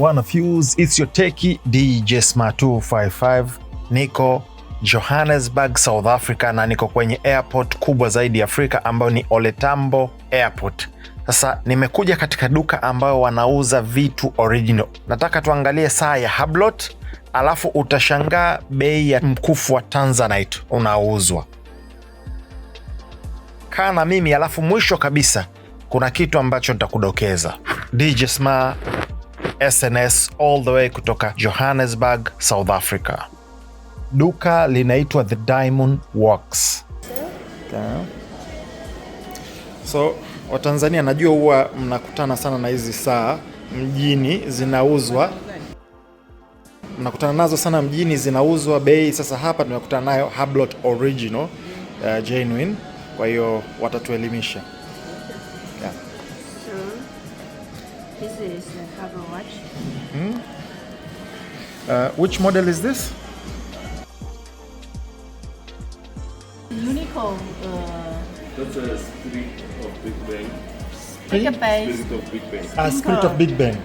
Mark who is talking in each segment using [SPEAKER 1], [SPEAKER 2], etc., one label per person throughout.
[SPEAKER 1] Wana Fuse, It's Your Teki, DJ 255, niko Johannesburg, South Africa na niko kwenye airport kubwa zaidi Afrika ambayo ni Oletambo Airport. Sasa nimekuja katika duka ambayo wanauza vitu original. Nataka tuangalie saa ya hablot alafu utashangaa bei ya mkufu wa Tanzanite unaouzwa. Kaa na mimi, alafu mwisho kabisa kuna kitu ambacho nitakudokeza. DJ Sma SNS all the way kutoka Johannesburg, South Africa. Duka linaitwa The Diamond Works. So Watanzania, najua huwa mnakutana sana na hizi saa mjini zinauzwa, mnakutana nazo sana mjini zinauzwa bei. Sasa hapa tumekutana nayo Hublot original, uh, genuine. Kwa hiyo watatuelimisha
[SPEAKER 2] yeah. watch. Mm -hmm.
[SPEAKER 1] uh, which model is this?
[SPEAKER 2] Unico. Uh,
[SPEAKER 3] That's a spirit of Big Bang.
[SPEAKER 2] Spirit, of Big Bang.
[SPEAKER 1] Ah, spirit of Big Bang.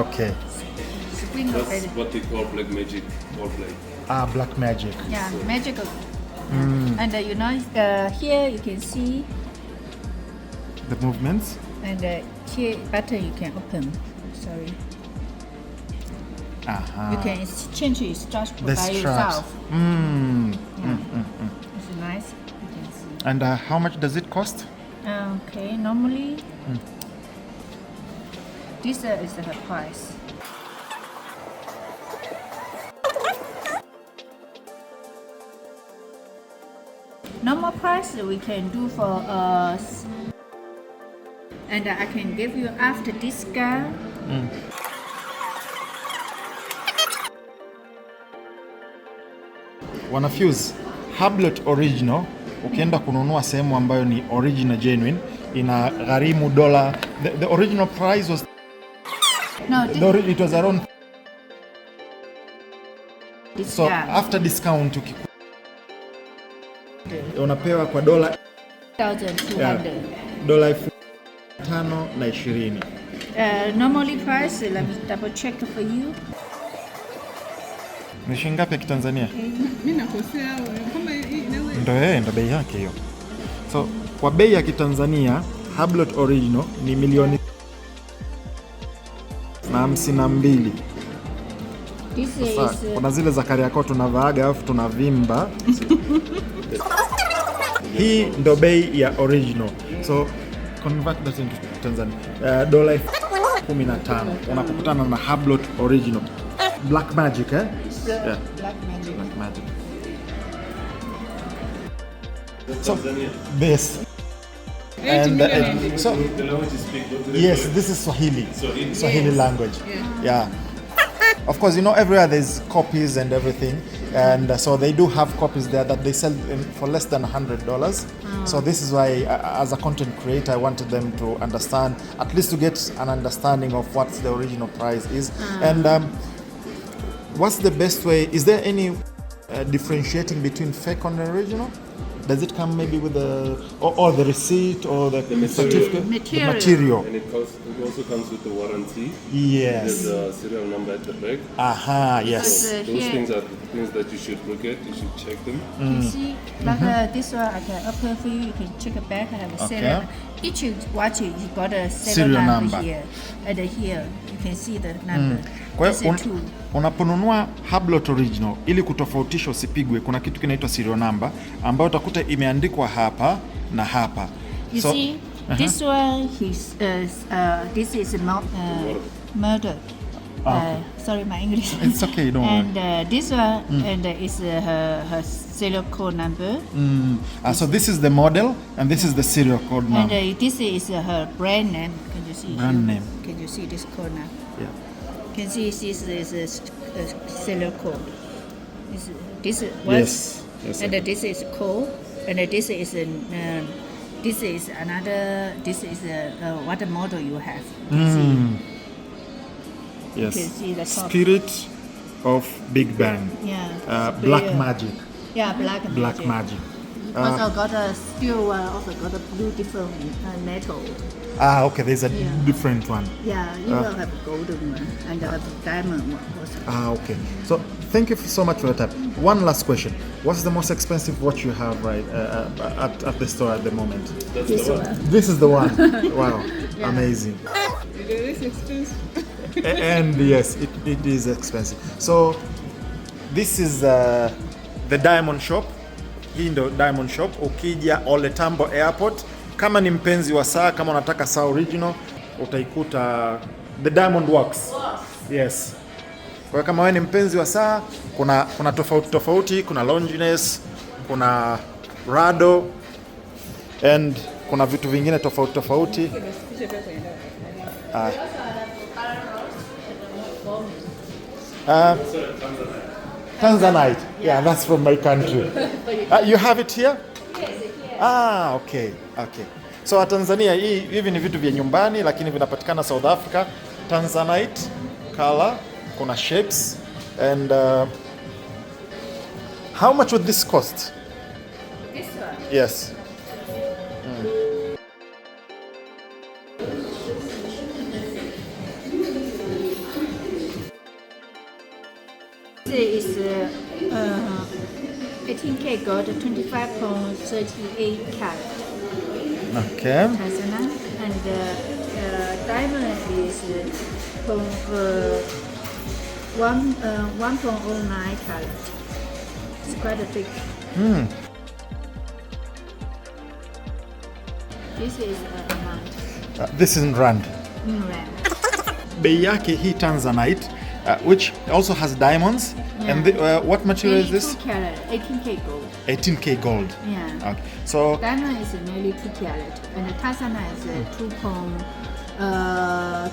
[SPEAKER 1] okay.
[SPEAKER 3] That's what they call black magic or black.
[SPEAKER 1] Ah, black magic.
[SPEAKER 2] Yeah, so. magical. Mm. And uh, you know, uh, here you can see
[SPEAKER 1] the movements.
[SPEAKER 2] And uh, here button you can open. Uh-huh. You can change it just by yourself. Mm. Yeah. Mm, mm, mm. It's nice. You
[SPEAKER 1] can see. And uh, how much does it cost?
[SPEAKER 2] Uh, okay, normally mm. this uh, is the price. Normal price we can do for us, uh, and uh, I can give you after discount. Mm.
[SPEAKER 1] Wanafuse Hublot original ukienda kununua sehemu ambayo ni original genuine ina gharimu dola the, the original price was no, the, it was around this, so yeah. after discount uki unapewa kwa dola dola elfu tano na ishirini.
[SPEAKER 2] Uh, normally price, let me double check for you.
[SPEAKER 1] Ni shilingi ngapi ya Kitanzania?
[SPEAKER 4] Mimi nakosea kama hii
[SPEAKER 1] ndio yeye ndio eh, bei yake hiyo. So kwa bei ya Kitanzania Hublot original ni milioni na hamsini na mbili. Uh, kuna zile za Kariakoo tunavaaga alafu tunavimba hii ndo bei ya original. So convert that into Tanzania. Uh, dola 15 unapokutana na hablot Original Black Magic, eh?
[SPEAKER 2] Yeah. Black Magic. Black Magic.
[SPEAKER 1] So, this.
[SPEAKER 2] And, uh,
[SPEAKER 3] so,
[SPEAKER 1] yes, this is Swahili, Swahili, language. yeah. Of course, you know everywhere there's copies and everything, and uh, so they do have copies there that they sell for less than hundred dollars. Oh. So this is why, uh, as a content creator, I wanted them to understand, at least to get an understanding of what the original price is, oh. and um, what's the best way. Is there any uh, differentiating between fake and original? Does it come maybe with the or, or the receipt or the, the certificate? Material. The material.
[SPEAKER 3] And it, comes, it, also comes with the warranty.
[SPEAKER 1] Yes.
[SPEAKER 3] There's a serial number at the back.
[SPEAKER 1] Aha, yes. So uh,
[SPEAKER 3] those here. things are things that you should look at. You should check them.
[SPEAKER 2] Mm. You see, like uh, mm-hmm. uh, this one I can open for you. You can check it back. I have a okay. serial. Each watch you got a serial, serial number, number here and here. Mm.
[SPEAKER 1] Kwa hiyo un, unaponunua Hublot original ili kutofautisha usipigwe, kuna kitu kinaitwa serial number ambayo utakuta imeandikwa hapa na hapa.
[SPEAKER 2] You so, see, uh -huh. this one, uh, uh, this is Ah, uh, sorry, my English.
[SPEAKER 1] It's okay, don't and,
[SPEAKER 2] worry. And uh, this one mm. and uh, is her, her serial code number. Mm.
[SPEAKER 1] Ah, so this is the model, and this is the serial code number.
[SPEAKER 2] And this is her brand name. Can you see? Brand name. Can you see this corner? Yeah. Can see this is a, a serial code. This, this was, yes. yes and this is code, and this is an um, this is another this is a, uh, what model you have you mm
[SPEAKER 1] yes. you can see the top. Spirit of Big Bang. Yeah. Uh, black magic.
[SPEAKER 2] Yeah, black magic.
[SPEAKER 1] Black magic.
[SPEAKER 2] Uh, also uh, got a still. Uh, also got a blue different uh, metal.
[SPEAKER 1] Ah, okay, there's a yeah. different one.
[SPEAKER 2] Yeah, you uh, will have golden one and uh, diamond one also.
[SPEAKER 1] Ah, okay. So thank you so much for your time. One last question. What's the most expensive watch you have right uh, uh at, at the store at the moment?
[SPEAKER 2] That's this, the one. one.
[SPEAKER 1] This is the one. wow, yeah. amazing. It is expensive. and yes, it, it is expensive. So this is uh, the Diamond Shop. Hii ndo Diamond Shop, ukija oletambo Airport. Kama ni mpenzi wa saa, kama unataka saa original utaikuta the Diamond Works. Yes. Kwa kama wewe ni mpenzi wa saa, kuna kuna tofauti tofauti, kuna Longines, kuna Rado and kuna vitu vingine tofauti tofauti.
[SPEAKER 2] Ah.
[SPEAKER 3] Uh,
[SPEAKER 1] Tanzanite. Yeah, that's from my country. Uh, you have it here?
[SPEAKER 2] Yes,
[SPEAKER 1] Ah, okay. Okay. So uh, tanzania hivi ni vitu vya nyumbani lakini vinapatikana South Africa. Tanzanite color, kuna shapes and uh, how much would this cost? This one? Yes.
[SPEAKER 2] is uh, 18K uh, gold, 25.38 carat. Okay. Tanzania. And uh, uh, diamond is from, uh, one, 1.09 carat. It's quite a big. Mm. This is uh, rand.
[SPEAKER 1] this isn't rand. Mm, rand. Bei hii Tanzanite uh, which also has diamonds. Yeah. And the, uh, what material is this?
[SPEAKER 2] 18K gold.
[SPEAKER 1] 18K gold. Yeah. Okay. So
[SPEAKER 2] diamond is nearly two carat, and the tassana is uh, two uh,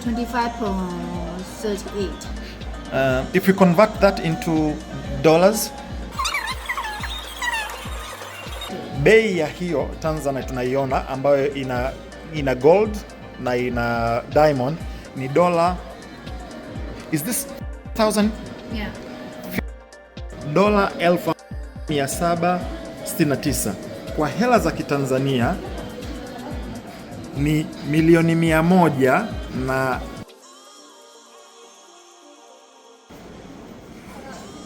[SPEAKER 1] uh, if we convert that into dollars bei ya hiyo Tanzania tunaiona ambayo ina ina gold na ina diamond ni dola is this thousand yeah. Dola elfu tisa kwa hela za Kitanzania ni milioni mia moja na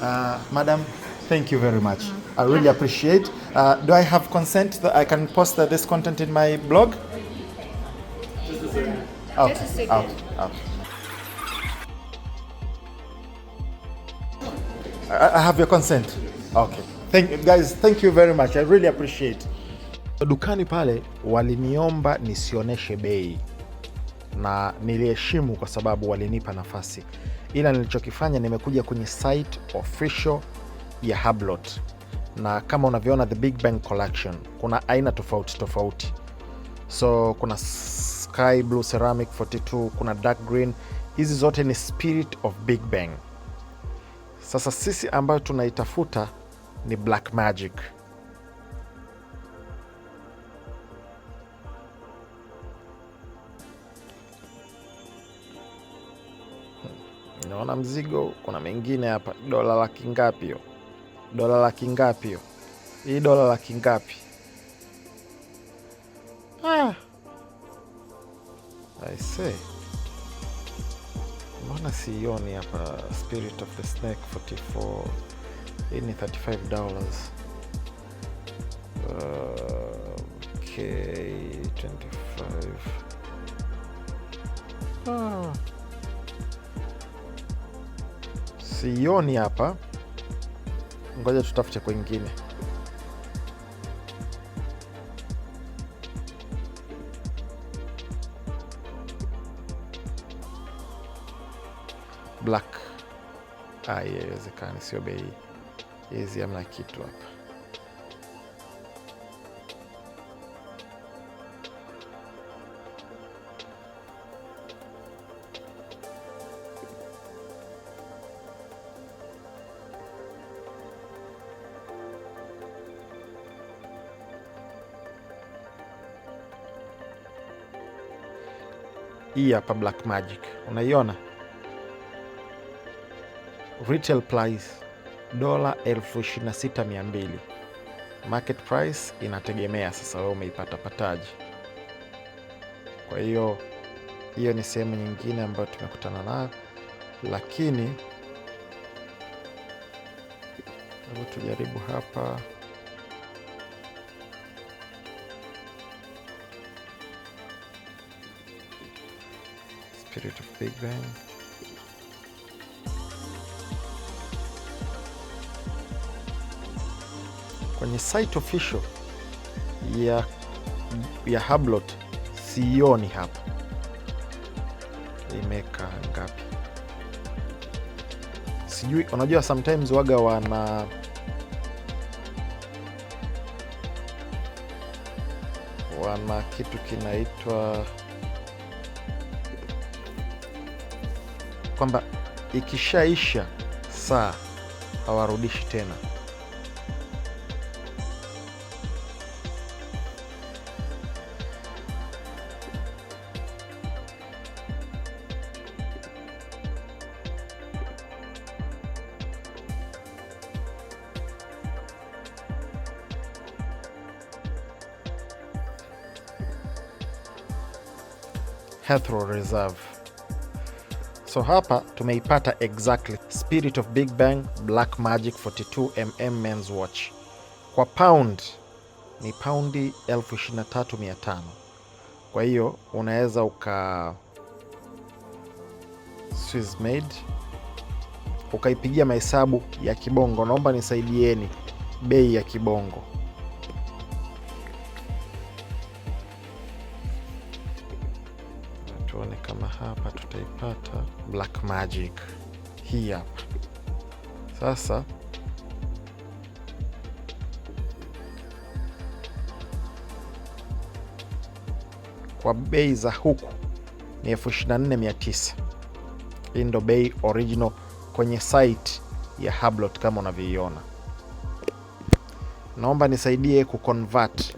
[SPEAKER 1] Uh, madam, thank you very much. I really appreciate. Uh, do I have consent that I can post this content in my blog? Okay. Okay. Okay. I have your consent. Okay. Thank you guys, thank you very much. I really appreciate. Dukani pale waliniomba nisioneshe bei na niliheshimu kwa sababu walinipa nafasi, ila nilichokifanya nimekuja kwenye site official ya Hublot na kama unavyoona the Big Bang Collection kuna aina tofauti tofauti, so kuna sky blue ceramic 42, kuna dark green. Hizi zote ni spirit of Big Bang. Sasa sisi ambayo tunaitafuta ni black magic. Naona mzigo, kuna mengine hapa. Dola laki ngapi hiyo? Dola laki ngapi hiyo? Hii dola laki ngapi? Ah. I siioni hapa. Spirit of the Snake 44 hii ni 35 dollars. Okay, uh, 25 ah. Sioni hapa, ngoja tutafute kwengine. black. Ah, haiwezekani, sio bei hizi, amna kitu hapa. Hii hapa black magic, unaiona? retail price dola elfu Market price inategemea sasa wewe umeipata pataji. Kwa hiyo hiyo ni sehemu nyingine ambayo tumekutana nayo, lakini hebu tujaribu hapa Spirit of Big Bang. kwenye site official ya, ya Hublot sioni hapa imeka ngapi, sijui. Unajua sometimes waga wana wana kitu kinaitwa kwamba ikishaisha saa hawarudishi tena. Heathrow Reserve. So hapa tumeipata exactly Spirit of Big Bang Black Magic 42mm men's watch kwa pound ni paundi 23500. Kwa hiyo unaweza uka Swiss made ukaipigia mahesabu ya kibongo. Naomba nisaidieni bei ya kibongo. hapa tutaipata black magic hii hapa sasa. Kwa bei za huku ni elfu ishirini na nne mia tisa. Hii ndo bei original kwenye site ya Hublot kama unavyoiona. Naomba nisaidie kuconvert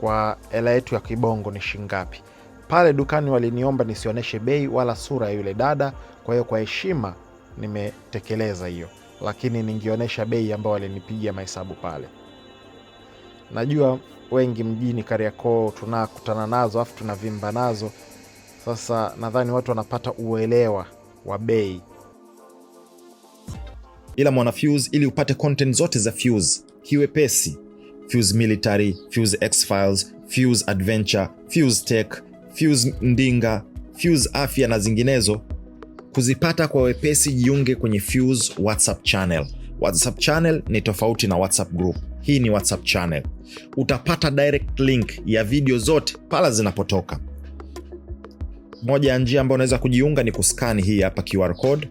[SPEAKER 1] kwa hela yetu ya kibongo ni shingapi? Pale dukani waliniomba nisioneshe bei wala sura ya yule dada, kwa hiyo kwa heshima nimetekeleza hiyo, lakini ningionyesha bei ambayo walinipigia mahesabu pale. Najua wengi mjini Kariakoo tunakutana nazo afu tunavimba nazo. Sasa nadhani watu wanapata uelewa wa bei. Ila mwana Fuse, ili upate content zote za Fuse kiwepesi: Fuse Military, Fuse X Files, Fuse Adventure, Fuse Tech Fuse Mdinga, Fuse Afya na zinginezo. Kuzipata kwa wepesi, jiunge kwenye Fuse WhatsApp channel. WhatsApp channel ni tofauti na WhatsApp group. Hii ni WhatsApp channel, utapata direct link ya video zote pala zinapotoka. Moja ya njia ambayo unaweza kujiunga ni kuskani hii hapa QR code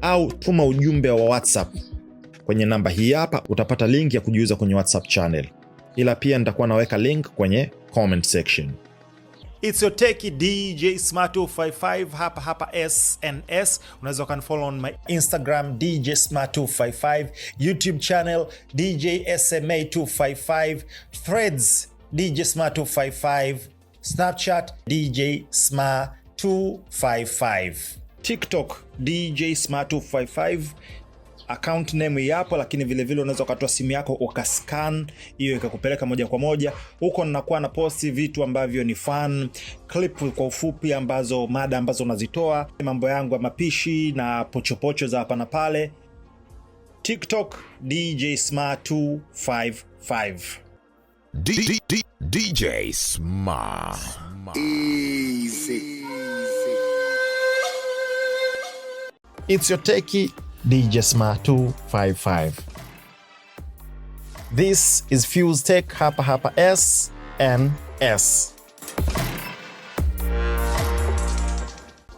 [SPEAKER 1] au tuma ujumbe wa WhatsApp kwenye namba hii hapa, utapata link ya kujiuza kwenye WhatsApp channel, ila pia nitakuwa naweka link kwenye comment section. It's your techy DJ Smart255 hapa hapa SNS. Unaweza follow on my Instagram DJ Smart255, YouTube channel DJ SMA255, Threads DJ Smart255, Snapchat DJ Smart255, TikTok DJ Smart255 account name yapo, lakini vile vile unaweza ukatoa simu yako ukascan hiyo ikakupeleka moja kwa moja huko. Ninakuwa na posti vitu ambavyo ni fun clip kwa ufupi, ambazo mada ambazo unazitoa, mambo yangu ya mapishi na pochopocho za hapa na pale. TikTok DJ Smart 255
[SPEAKER 5] D D DJ Smart Easy.
[SPEAKER 1] It's your techie djsma 255. This is Fuse Tech hapa hapa S and S.